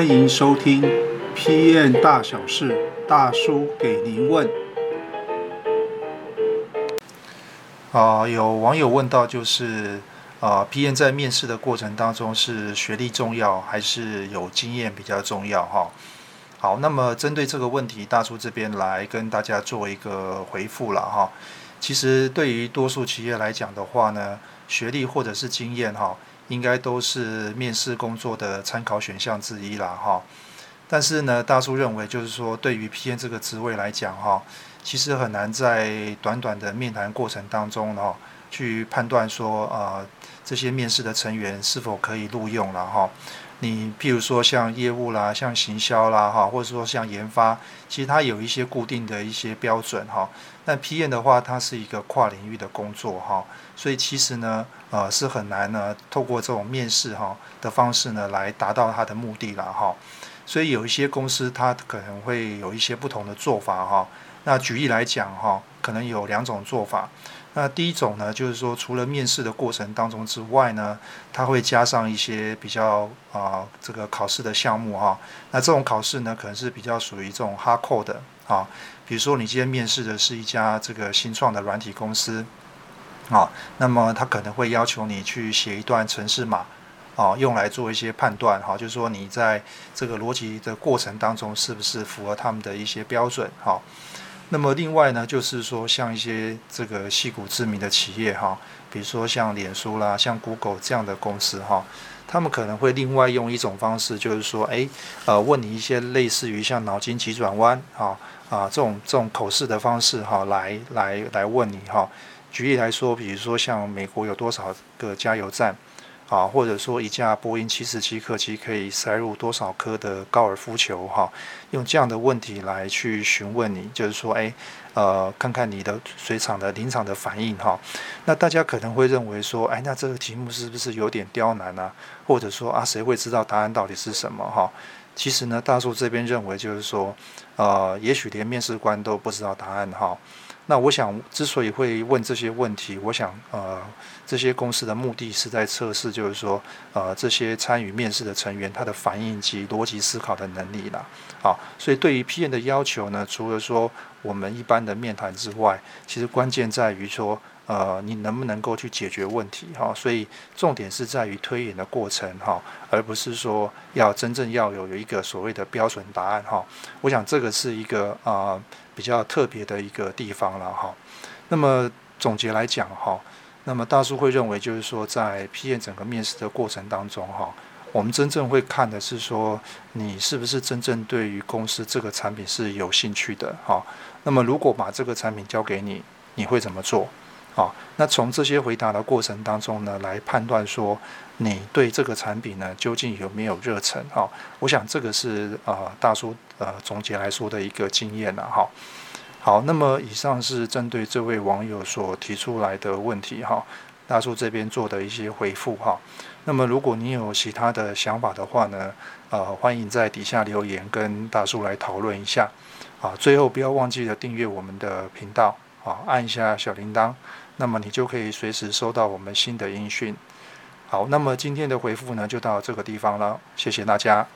歡迎收聽《PM 大小事》，大叔給您問。啊、呃，有網友問到，就是啊，PM 在面試的過程當中，是學歷重要還是有經驗比較重要？哈、哦，好，那麼針對這個問題，大叔這邊來跟大家做一個回復了哈、哦。其實，對於多數企業來講的話呢，學歷或者是經驗，哈、哦。應該都是面試工作的參考選項之一了哈，但是呢，大叔認為就是說，對於 PM 這個職位來講哈，其實很難在短短的面談過程當中呢，去判斷說啊、呃、這些面試的成員是否可以錄用了哈。你譬如說像業務啦，像行銷啦，哈，或者說像研發，其實它有一些固定的一些標準，哈。那 PM 的話，它是一個跨領域的工作，哈，所以其實呢，呃，是很難呢，透過這種面試哈的方式呢，來達到它的目的啦哈。所以有一些公司它可能會有一些不同的做法，哈。那舉例來講，哈，可能有兩種做法。那第一種呢，就是說，除了面試的過程當中之外呢，它會加上一些比較啊、呃，這個考試的項目哈、啊。那這種考試呢，可能是比較屬於這種 hardcore 的啊。比如說，你今天面試的是一家這個新創的軟體公司啊，那麼他可能會要求你去寫一段程式碼啊，用來做一些判斷哈、啊，就是說你在這個邏輯的過程當中是不是符合他們的一些標準哈。啊那麼另外呢，就是說，像一些這個矽谷知名的企業哈，比如說像臉書啦、像 Google 這樣的公司哈，他們可能會另外用一種方式，就是說，哎，呃，問你一些類似於像腦筋急轉彎啊啊這種這種口試的方式哈，來來來問你哈。舉例來說，比如說像美國有多少個加油站？啊，或者說一架波音七四七客機可以塞入多少顆的高爾夫球？哈，用這樣的問題來去詢問你，就是說，哎。呃，看看你的水廠的、臨場的反應哈、哦。那大家可能會認為說，哎，那這個題目是不是有點刁難呢、啊？或者說啊，誰會知道答案到底是什麼哈、哦？其實呢，大叔這邊認為就是說，呃，也許連面試官都不知道答案哈、哦。那我想，之所以會問這些問題，我想呃，這些公司的目的是在測試，就是說，呃，這些參與面試的成員他的反應及邏輯思考的能力啦。好、啊，所以對於 PM 的要求呢，除了說我們一般的面談之外，其實關鍵在於說，呃，你能不能夠去解決問題哈、哦，所以重點是在於推演的過程，哈、哦，而不是說要真正要有有一個所謂的標準答案哈、哦。我想這個是一個啊、呃、比較特別的一個地方了哈、哦。那麼總結來講哈、哦，那麼大叔會認為就是說，在 PM 整個面試的過程當中哈。哦我們真正會看的是說，你是不是真正對於公司這個產品是有興趣的哈、哦？那麼如果把這個產品交給你，你會怎麼做？好、哦？那從這些回答的過程當中呢，來判斷說你對這個產品呢究竟有沒有熱忱哈、哦，我想這個是啊、呃、大叔呃總結來說的一個經驗了、啊、哈、哦。好，那麼以上是針對這位網友所提出來的問題哈。哦大叔這邊做的一些回復哈、哦，那麼如果你有其他的想法的話呢，呃，歡迎在底下留言跟大叔來討論一下，啊，最後不要忘記了訂閱我們的頻道，啊，按一下小鈴鐺，那麼你就可以隨時收到我們新的音訊。好，那麼今天的回復呢就到這個地方了，謝謝大家。